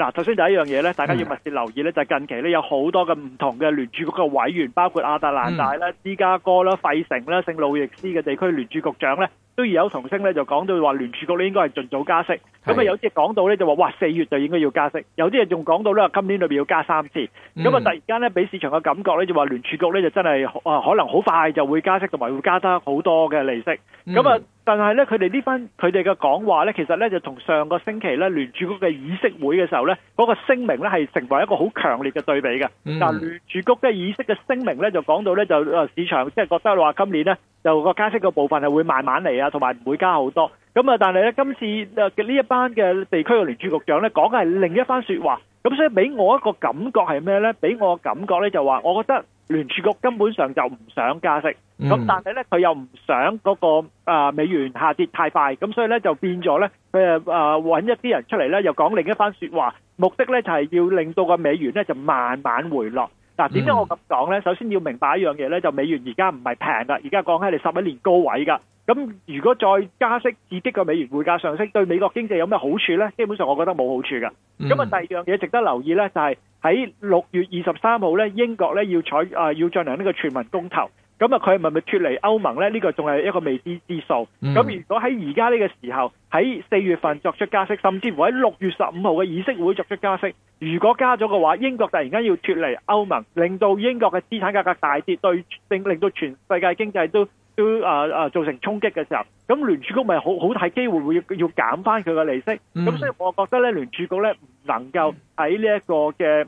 嗱，首先第一樣嘢咧，大家要密切留意咧，mm. 就係近期咧有好多嘅唔同嘅聯儲局嘅委員，包括亞特蘭大啦、mm. 芝加哥啦、費城啦、聖路易斯嘅地區聯儲局長咧，都異口同聲咧，就講到話聯儲局咧應該係盡早加息。咁啊有啲講到咧就話，哇四月就應該要加息，有啲嘢仲講到呢今年裏邊要加三次。咁、mm. 啊突然間咧，俾市場嘅感覺咧就話聯儲局咧就真係啊可能好快就會加息，同埋會加得好多嘅利息。咁、mm. 啊。但係咧，佢哋呢班佢哋嘅講話咧，其實咧就同上個星期咧聯儲局嘅議息會嘅時候咧嗰，那個聲明咧係成為一個好強烈嘅對比嘅，嗯。但聯儲局嘅議息嘅聲明咧就講到咧就市場即係，就是，覺得話今年咧就個加息嘅部分係會慢慢嚟啊，同埋唔會加好多。咁啊，但係咧今次啊呢一班嘅地區嘅聯儲局長咧講嘅係另一番說話。咁所以俾我一個感覺係咩咧？俾我感覺咧就話，我覺得聯儲局根本上就唔想加息。咁、嗯、但係咧，佢又唔想嗰、那個、呃、美元下跌太快，咁所以咧就變咗咧，佢啊啊揾一啲人出嚟咧，又講另一番說話，目的咧就係、是、要令到個美元咧就慢慢回落。嗱，點解我咁講咧？首先要明白一樣嘢咧，就美元而家唔係平啦，而家講起嚟十一年高位噶。咁如果再加息刺激個美元匯價上升，對美國經濟有咩好處咧？基本上我覺得冇好處噶。咁、嗯、啊，第二樣嘢值得留意咧，就係喺六月二十三號咧，英國咧要採、呃、要進行呢個全民公投。咁啊，佢係咪咪脫離歐盟呢？呢、呢個仲係一個未知之數。咁、嗯、如果喺而家呢個時候，喺四月份作出加息，甚至乎喺六月十五號嘅議息會作出加息，如果加咗嘅話，英國突然間要脫離歐盟，令到英國嘅資產價格，格大跌，對令令到全世界經濟都都啊啊、呃、造成衝擊嘅時候，咁聯儲局咪好好大機會，機會要減翻佢嘅利息。咁、嗯、所以我覺得咧，聯儲局咧唔能夠喺呢一個嘅。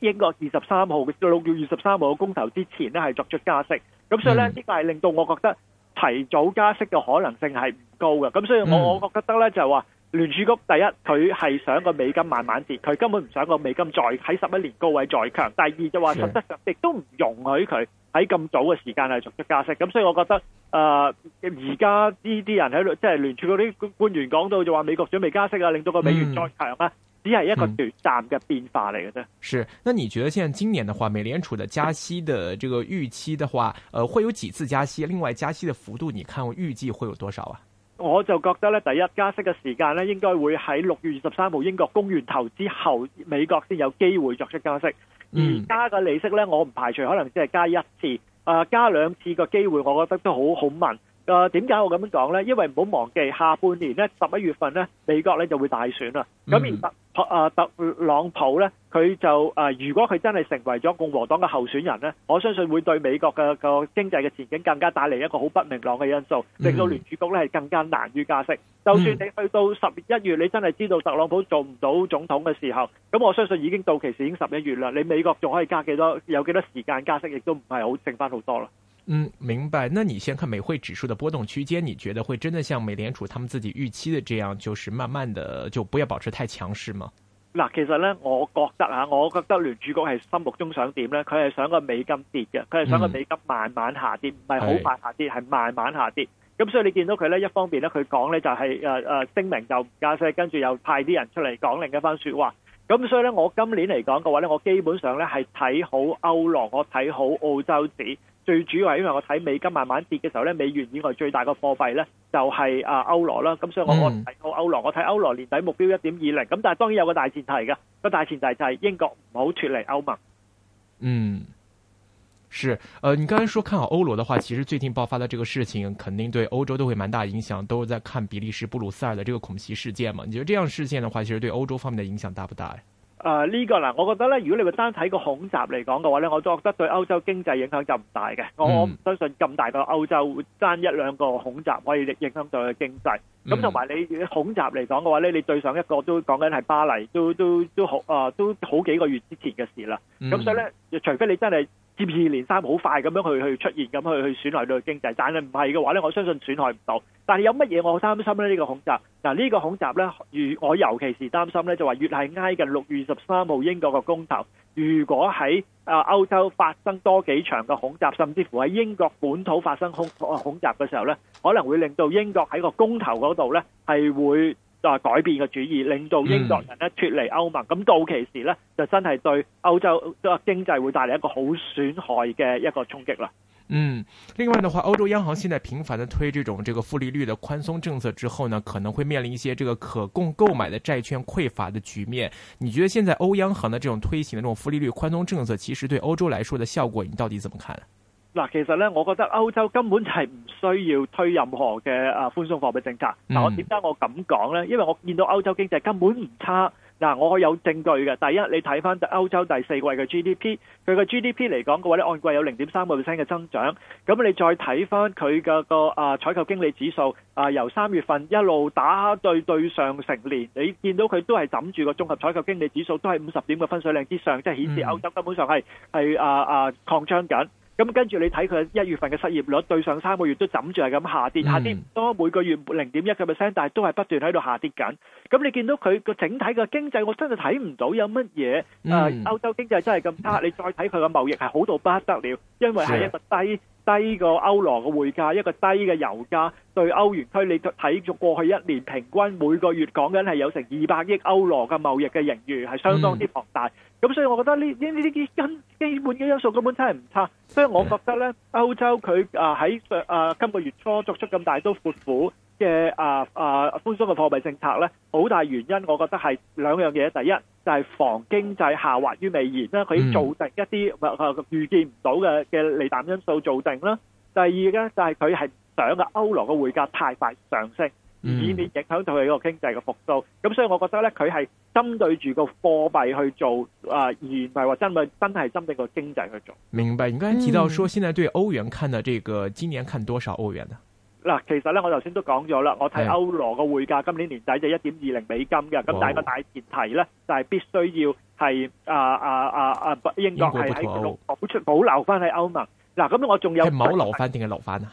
英國二十三號嘅六月二十三號嘅公投之前呢，係作出加息，咁所以呢，呢個係令到我覺得提早加息嘅可能性係唔高嘅。咁所以我我覺得呢，嗯、就話、係、聯儲局第一，佢係想個美金慢慢跌，佢根本唔想個美金再喺十一年高位再強。第二就話實質上亦都唔容許佢喺咁早嘅時間係作出加息。咁所以我覺得誒，而家呢啲人喺度，即、就、係、係、聯儲局啲官員講到就話美國準備加息啊，令到個美元再強啦。嗯只係一個短暫嘅變化嚟嘅啫。是，那你覺得現在今年的話，美聯儲的加息的這個預期的話，呃，會有幾次加息？另外，加息的幅度，你看我預計會有多少啊？我就覺得咧，第一加息嘅時間咧，應該會喺六月二十三號英國公投完之後，美國先有機會作出加息。而家嘅利息咧，我唔排除可能只係加一次，呃、加兩次嘅機會，我覺得都好好問。啊，點、呃、解我咁樣講咧？因為唔好忘記下半年咧，十一月份咧，美國咧就會大選啦。咁、嗯、而特朗普咧，佢就啊，如果佢真係成為咗共和黨嘅候選人呢，我相信會對美國嘅個經濟嘅前景更加帶嚟一個好不明朗嘅因素，令到聯儲局咧係更加難於加息。就算你去到十一月，你真係知道特朗普做唔到總統嘅時候，咁我相信已經到期時已經十一月啦。你美國仲可以加幾多？有幾多時間加息，亦都唔係好剩翻好多啦。嗯，明白。那你先看美匯指數的波動區間，你覺得會真的像美聯儲他們自己預期的這樣，就是慢慢的就不要保持太強勢嗎？嗱，其實呢，我覺得我覺得聯儲局係心目中想點呢？佢係想個美金跌嘅，佢係想個美金慢慢下跌，唔係好快下跌，係慢慢下跌。咁所以你見到佢呢，一方面呢，佢講呢就係誒誒聲明就唔加息，跟住又派啲人出嚟講另一番說話。咁所以呢，我今年嚟講嘅話呢，我基本上呢係睇好歐羅，我睇好澳洲指。最主要係因為我睇美金慢慢跌嘅時候咧，美元以外最大嘅貨幣咧就係、是、啊歐羅啦，咁所以我我睇到歐羅，我睇歐羅年底目標一點二零，咁但係當然有個大前提嘅，個大前提就係英國唔好脱離歐盟。嗯，是，呃，你剛才說看好歐羅的話，其實最近爆發的這個事情肯定對歐洲都會蠻大影響，都是在看比利時布魯塞爾的這個恐襲事件嘛。你覺得這樣事件的話，其實對歐洲方面嘅影響大唔大？誒、呃這個、呢個嗱，我覺得咧，如果你單睇個恐襲嚟講嘅話咧，我都覺得對歐洲經濟影響就唔大嘅、嗯。我我唔相信咁大個歐洲會爭一兩個恐襲可以影響到佢經濟。咁同埋你恐襲嚟講嘅話咧，你對上一個都講緊係巴黎，都都都好、呃、都好幾個月之前嘅事啦。咁、嗯、所以咧，除非你真係。接二連三好快咁樣去去出現，咁去去損害到經濟。但係唔係嘅話咧，我相信損害唔到。但係有乜嘢我擔心咧？呢個恐襲嗱，呢個恐襲咧，如我尤其是擔心咧，就話越係挨近六月十三號英國嘅公投，如果喺啊歐洲發生多幾場嘅恐襲，甚至乎喺英國本土發生恐恐襲嘅時候咧，可能會令到英國喺個公投嗰度咧係會，就改變嘅主意，令到英國人呢脫離歐盟，咁、嗯、到期時呢，就真係對歐洲嘅經濟會帶嚟一個好損害嘅一個衝擊啦。嗯，另外的話，歐洲央行現在頻繁的推這種這個負利率的寬鬆政策之後呢，可能會面臨一些這個可供購買嘅債券匱乏的局面。你覺得現在歐央行嘅這種推行嘅這種負利率寬鬆政策，其實對歐洲來說的效果，你到底怎麼看？嗱，其實咧，我覺得歐洲根本就係唔需要推任何嘅啊寬鬆貨幣政策。嗱，我點解我咁講咧？因為我見到歐洲經濟根本唔差。嗱，我有證據嘅。第一，你睇翻歐洲第四季嘅 GDP，佢個 GDP 嚟講嘅話咧，按季有零點三個 percent 嘅增長。咁你再睇翻佢嘅個啊採購經理指數啊，由三月份一路打對對上成年，你見到佢都係枕住個綜合採購經理指數都係五十點嘅分水嶺之上，即係顯示歐洲根本上係係啊啊擴張緊。咁跟住你睇佢一月份嘅失業率對上三個月都枕住係咁下跌，下跌唔多，每個月零點一個 percent，但係都係不斷喺度下跌緊。咁你見到佢個整體嘅經濟，我真係睇唔到有乜嘢。誒，歐洲經濟真係咁差，你再睇佢嘅貿易係好到不得了，因為係一個低。低個歐羅嘅匯價，一個低嘅油價，對歐元區你睇住過去一年平均每個月講緊係有成二百億歐羅嘅貿易嘅盈餘，係相當之龐大。咁、嗯、所以我覺得呢呢呢啲根基本嘅因素根本真係唔差，所以我覺得呢歐洲佢啊喺上啊今個月初作出咁大刀闊斧嘅啊啊寬鬆嘅貨幣政策咧，好大原因，我覺得係兩樣嘢。第一就係、是、防經濟下滑於未然啦，佢做定一啲唔、嗯呃、預見唔到嘅嘅利淡因素做定啦。第二咧就係佢係想嘅歐羅嘅匯價太快上升，以免影響到佢個經濟嘅復蘇，咁、嗯、所以我覺得咧，佢係針對住個貨幣去做啊、呃，而唔係話真係真係針對個經濟去做。明白。你剛才提到說現在對歐元看的這個今年看多少歐元呢？嗱，其實咧，我頭先都講咗啦，我睇歐羅個匯價今年年底就一點二零美金嘅。咁但係個大前提咧，就係必須要係啊啊啊啊英國係喺度保出保留翻喺歐盟。嗱，咁我仲有唔留翻定係留翻啊？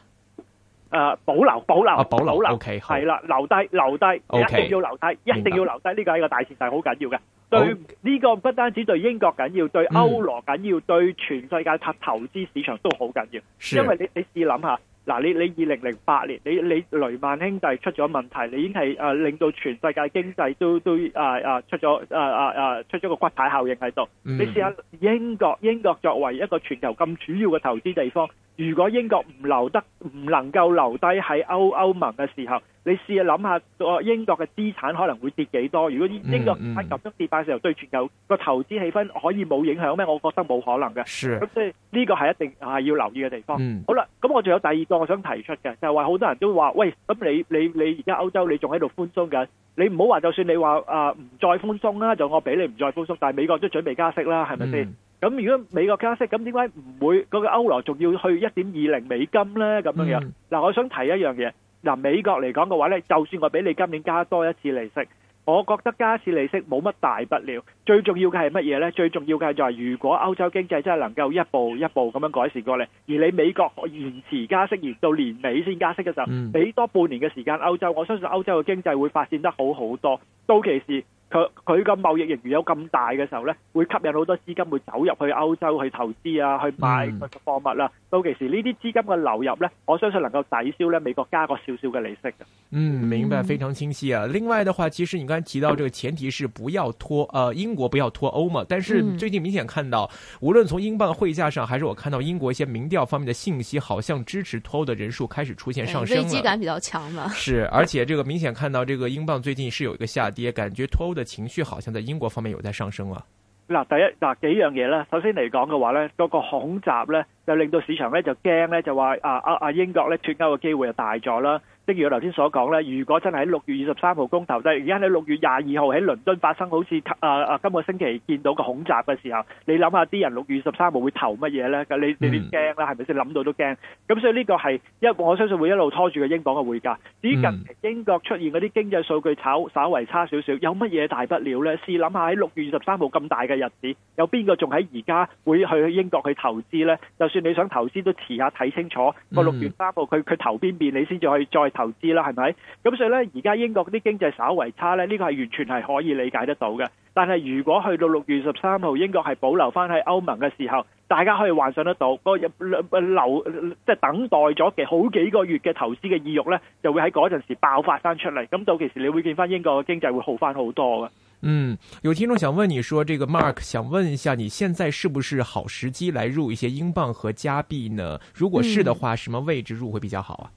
誒，保留保留保留保留，係、啊、啦、okay，留低留低，okay，一定要留低，okay，一定要留低。呢、這個係一個大前提很重，好緊要嘅。對、這、呢個不單止對英國緊要，對歐羅緊要、嗯，對全世界投投資市場都好緊要，因為你你試諗下。嗱，你你二零零八年，你你雷曼兄弟出咗問題，你已經係誒、呃、令到全世界經濟都都誒、啊、出咗誒、啊啊、出咗個骨牌效應喺度。Mm-hmm. 你試下英國，英國作為一個全球咁主要嘅投資地方，如果英國唔留得，唔能夠留低喺歐歐盟嘅時候。你試下諗下，個英國嘅資產可能會跌幾多？如果英國喺急速跌敗嘅時候，對全球個投資氣氛可以冇影響咩？我覺得冇可能嘅。咁即係呢個係一定啊要留意嘅地方。好啦，咁我仲有第二個我想提出嘅，就係話好多人都話：「喂，咁你你你而家歐洲你仲喺度寬鬆緊？你唔好話就算你話啊唔再寬鬆啦，就我俾你唔再寬鬆，但係美國都準備加息啦，係咪先？咁如果美國加息，咁點解唔會嗰個歐羅仲要去一點二零美金咧？咁樣樣，嗱，我想提一樣嘢。嗱，美國嚟講嘅話呢，就算我俾你今年加多一次利息，我覺得加一次利息冇乜大不了。最重要嘅係乜嘢呢？最重要嘅就係如果歐洲經濟真係能夠一步一步咁樣改善過嚟，而你美國延遲加息，延到年尾先加息嘅時候，俾多半年嘅時間歐洲，我相信歐洲嘅經濟會發展得好好多。到其時。佢佢個貿易盈餘有咁大嘅時候呢，會吸引好多資金會走入去歐洲去投資啊，去買個貨物啦。到其時呢啲資金嘅流入呢，我相信能夠抵消呢美國加個少少嘅利息。嗯，明白，非常清晰啊。另外嘅話，其實你剛才提到這個前提是不要脫，呃，英國不要脫歐嘛。但是最近明顯看到，嗯、無論從英鎊匯價上，還是我看到英國一些民調方面的信息，好像支持脫歐的人數開始出現上升，危、嗯、機感比較強啦。是而且這個明顯看到，這個英鎊最近是有一個下跌，感覺脫歐的。情緒好像在英國方面有在上升啊。嗱，第一嗱幾樣嘢咧，首先嚟講嘅話咧，嗰個恐襲咧，就令到市場咧就驚咧，就話啊啊啊英國咧脫歐嘅機會又大咗啦。正如我頭先所講咧，如果真係喺六月二十三號公投，即係而家喺六月廿二號喺倫敦發生好似啊、呃、今個星期見到個恐襲嘅時候，你諗下啲人六月二十三號會投乜嘢咧？你你啲驚啦，係咪先？諗到都驚。咁所以呢個係因為我相信會一路拖住個英鎊嘅匯價。至於近期英國出現嗰啲經濟數據炒，稍微差少少，有乜嘢大不了咧？試諗下喺六月二十三號咁大嘅日子，有邊個仲喺而家會去英國去投資咧？就算你想投資，都遲下睇清楚個六月三號佢佢投邊邊，你先至可以再，投資啦，係咪？咁所以呢，而家英國啲經濟稍為差呢，呢個係完全係可以理解得到嘅。但係如果去到六月十三號，英國係保留翻喺歐盟嘅時候，大家可以幻想得到個日留即係等待咗嘅好幾個月嘅投資嘅意欲呢，就會喺嗰陣時爆發翻出嚟。咁到時你會見翻英國嘅經濟會好翻好多㗎。嗯，有聽眾想問你說，這個 Mark 想問一下，你現在是不是好時機來入一些英鎊和加幣呢？如果是的話，什麼位置入會比較好啊？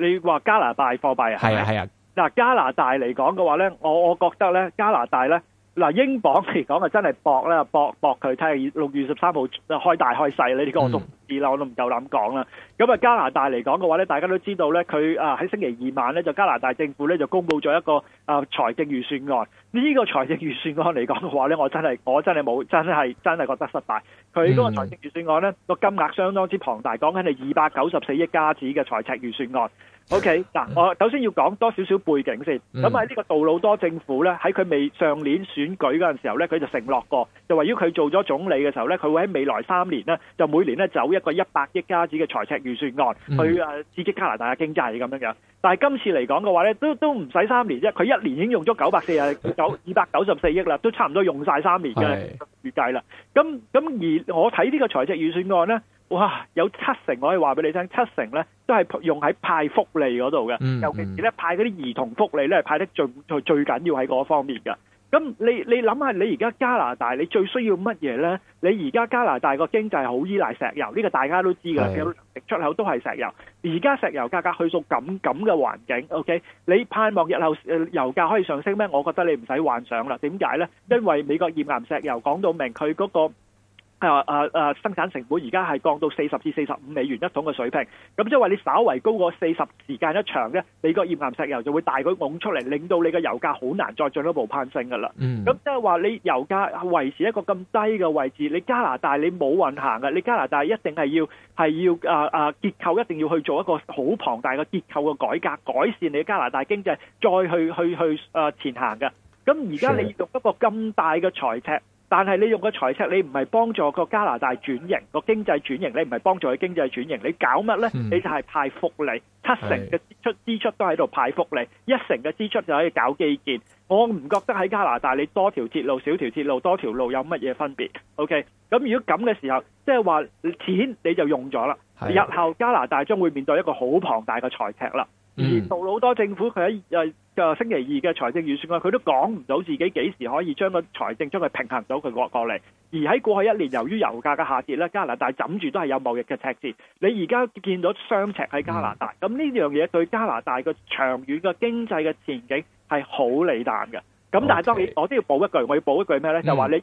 你話加拿大貨幣係啊？係啊，係啊，嗱、啊、加拿大嚟講嘅話咧，我我覺得咧加拿大咧。嗱，英鎊嚟講啊，真係搏啦，搏搏佢。睇下六月十三號開大開細，你、這、呢個我都唔知啦，我都唔夠膽講啦。咁啊，加拿大嚟講嘅話咧，大家都知道咧，佢啊喺星期二晚咧就加拿大政府咧就公布咗一個啊財政預算案。呢、這個財政預算案嚟講嘅話咧，我真係我真係冇真係真係覺得失敗。佢嗰個財政預算案咧，個金額相當之龐大，講緊係二百九十四億加紙嘅財赤預算案。OK，嗱，我首先要講多少少背景先。咁喺呢個杜魯多政府咧，喺佢未上年選舉嗰陣時候咧，佢就承諾過，就話如果佢做咗總理嘅時候咧，佢會喺未來三年咧，就每年咧走一個一百億加子嘅財赤預算案去誒刺激加拿大嘅經濟咁樣樣。但係今次嚟講嘅話咧，都都唔使三年啫，佢一年已經用咗九百四十九二百九十四億啦，都差唔多用晒三年嘅預 計啦。咁咁而我睇呢個財赤預算案咧。哇！有七成，我可以話俾你聽，七成咧都係用喺派福利嗰度嘅，尤其是咧派嗰啲兒童福利咧，派得最最最緊要喺嗰方面嘅。咁你你諗下，你而家加拿大你最需要乜嘢咧？你而家加拿大個經濟好依賴石油，呢個大家都知㗎，出口都係石油。而家石油價格去到咁咁嘅環境，OK？你盼望日後油價可以上升咩？我覺得你唔使幻想啦。點解咧？因為美國頁岩石油講到明，佢嗰個。係話誒生產成本而家係降到四十至四十五美元一桶嘅水平，咁即係話你稍為高過四十時間一長咧，美國頁岩石油就會大舉拱出嚟，令到你嘅油價好難再進一步攀升㗎啦。嗯，咁即係話你油價維持一個咁低嘅位置，你加拿大你冇運行㗎，你加拿大一定係要係要誒誒、啊啊、結構一定要去做一個好龐大嘅結構嘅改革改善你加拿大經濟，再去去去誒、啊、前行㗎。咁而家你讀一個咁大嘅財赤。但係你用個財赤，你唔係幫助個加拿大轉型、個經濟轉型，你唔係幫助佢經濟轉型，你搞乜呢？你就係派福利，七成嘅出支出都喺度派福利，嗯、成的福利的一成嘅支出就喺度搞基建。我唔覺得喺加拿大你多條鐵路少條鐵路多條路有乜嘢分別？OK，咁如果咁嘅時候，即係話錢你就用咗啦。日後加拿大將會面對一個好龐大嘅財赤啦。嗯、而杜魯多政府佢喺誒個星期二嘅財政預算案，佢都講唔到自己幾時可以將個財政將佢平衡到佢過過嚟。而喺過去一年，由於油價嘅下跌咧，加拿大枕住都係有貿易嘅赤字。你而家見到雙赤喺加拿大，咁、嗯、呢樣嘢對加拿大個長遠嘅經濟嘅前景係好嚟淡嘅。咁但係當然，我都要補一句，我要補一句咩呢？Okay. 就話你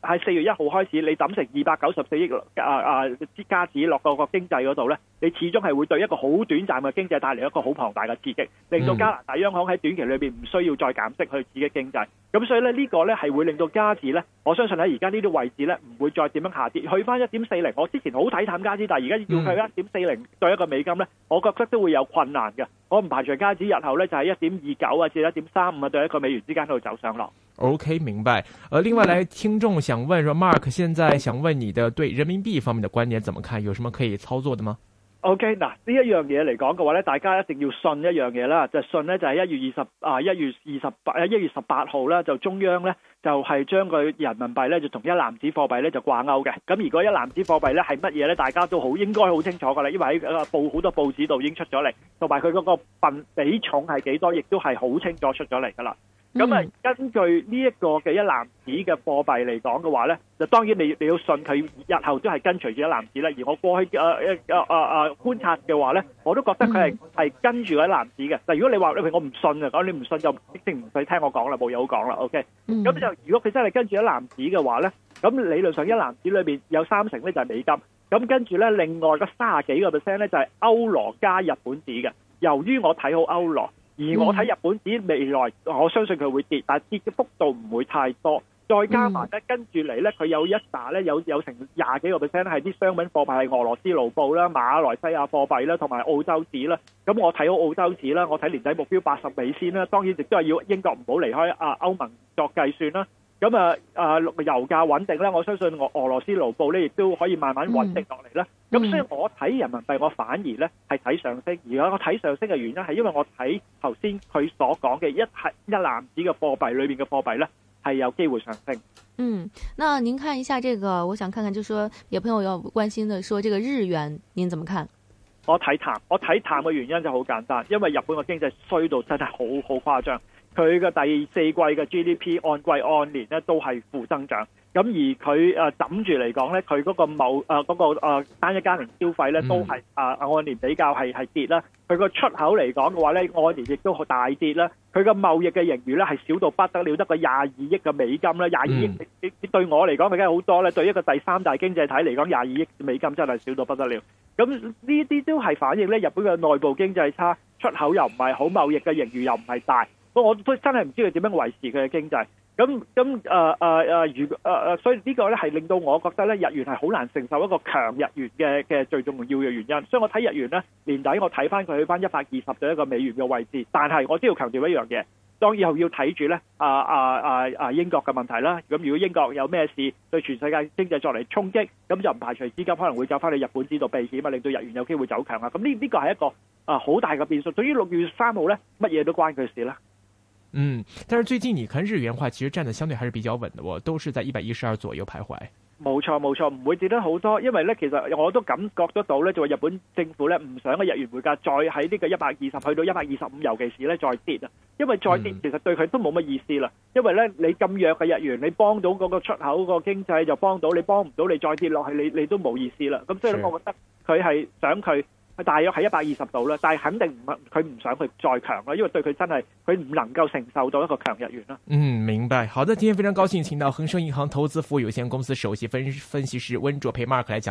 喺四月一號開始，你抌成二百九十四億啊啊啲加紙落個個經濟嗰度呢，你始終係會對一個好短暫嘅經濟帶嚟一個好龐大嘅刺激，令到加拿大央行喺短期裏面唔需要再減息去刺激經濟。咁所以呢，呢個呢係會令到加紙呢。我相信喺而家呢啲位置呢唔會再點樣下跌，去翻一點四零。我之前好睇淡加紙，但係而家要去一點四零對一個美金呢，我覺得都會有困難嘅。我唔排除加紙日後呢，就係一點二九啊至一點三五啊對一個美元之間度。上 OK 明白。呃，另外嚟聽眾想問，說 Mark，現在想問你的對人民幣方面的觀點怎麼看？有什麼可以操作的嗎？OK，嗱呢一樣嘢嚟講嘅話咧，大家一定要信一樣嘢啦，就信咧就係一月二十啊一月二十八一月十八號咧，就中央咧就係將佢人民幣咧就同一籃子貨幣咧就掛鈎嘅。咁如果一籃子貨幣咧係乜嘢咧，大家都好應該好清楚噶啦，因為喺報好多報紙度已經出咗嚟，同埋佢嗰個份比重係幾多，亦都係好清楚出咗嚟噶啦。咁、嗯、啊，根據呢一個嘅一籃子嘅貨幣嚟講嘅話咧，就當然你你要信佢日後都係跟隨住一籃子啦，而我過去嘅啊啊啊觀察嘅話咧，我都覺得佢係係跟住一籃子嘅、嗯。但如果你話你譬如我唔信啊，咁你唔信就一定唔使聽我講啦，冇嘢好講啦，OK、嗯。咁就如果佢真係跟住一籃子嘅話咧，咁理論上一籃子裏面有三成咧就係美金，咁跟住咧另外個卅幾個 percent 咧就係歐羅加日本紙嘅。由於我睇好歐羅。而我睇日本紙未來，mm. 我相信佢會跌，但係跌嘅幅度唔會太多。再加埋咧，mm. 跟住嚟咧，佢有一打咧，有有成廿幾個 percent 係啲商品貨幣，係俄羅斯盧布啦、馬來西亞貨幣啦、同埋澳洲紙啦。咁我睇好澳洲紙啦，我睇年底目標八十美仙啦。當然亦都係要英國唔好離開啊歐盟作計算啦。咁啊油價穩定咧，我相信俄俄羅斯盧布咧亦都可以慢慢穩定落嚟啦。咁、嗯嗯、所以我睇人民幣，我反而咧係睇上升。而我睇上升嘅原因係因為我睇頭先佢所講嘅一係一籃子嘅貨幣裏面嘅貨幣咧係有機會上升。嗯，那您看一下呢、這個，我想看看，就說、是、說有朋友有關心嘅，說這個日元，您怎麼看？我睇淡，我睇淡嘅原因就好簡單，因為日本嘅經濟衰到真係好好誇張。佢嘅第四季嘅 GDP 按季按年咧都係負增長，咁、嗯、而佢誒枕住嚟講咧，佢嗰個貿誒嗰個誒單一家庭消費咧都係誒、啊、按年比較係係跌啦。佢個出口嚟講嘅話咧，按年亦都好大跌啦。佢個貿易嘅盈餘咧係少到不得了，得個廿二億嘅美金啦，廿二億、嗯、對我嚟講咪梗係好多呢。對一個第三大經濟體嚟講，廿二億美金真係少到不得了。咁呢啲都係反映咧日本嘅內部經濟差，出口又唔係好，貿易嘅盈餘又唔係大。我真係唔知佢點樣維持佢嘅經濟，咁咁誒誒誒，如誒誒，所以呢個咧係令到我覺得咧日元係好難承受一個強日元嘅嘅最重要嘅原因。所以我睇日元咧年底我睇翻佢去翻一百二十兌一個美元嘅位置，但係我都要強調一樣嘢，當以後要睇住咧，啊啊啊啊英國嘅問題啦，咁如果英國有咩事對全世界經濟作嚟衝擊，咁就唔排除資金可能會走翻去日本呢度避險啊，令到日元有機會走強啊。咁呢呢個係一個啊好大嘅變數。對於六月三號咧，乜嘢都關佢事啦。嗯，但是，最近你看日元話，其實站得，相對還是比較穩的，我都是在一百一十二左右徘徊。冇錯冇錯，唔會跌得好多，因為咧其實我都感覺得到咧，就係、是、日本政府咧唔想個日元匯價再喺呢個一百二十去到一百二十五，尤其是咧再跌啊，因為再跌、嗯、其實對佢都冇乜意思啦。因為咧你咁弱嘅日元，你幫到嗰個出口個經濟就幫到，你幫唔到你再跌落去，你你都冇意思啦。咁所以呢我覺得佢係想佢。佢大約係一百二十度啦，但係肯定唔佢唔想佢再強啦，因為對佢真係佢唔能夠承受到一個強日元啦。嗯，明白。好的，今天非常高興，請到恒生銀行投資服務有限公司首席分分析師溫灼配 Mark 來講。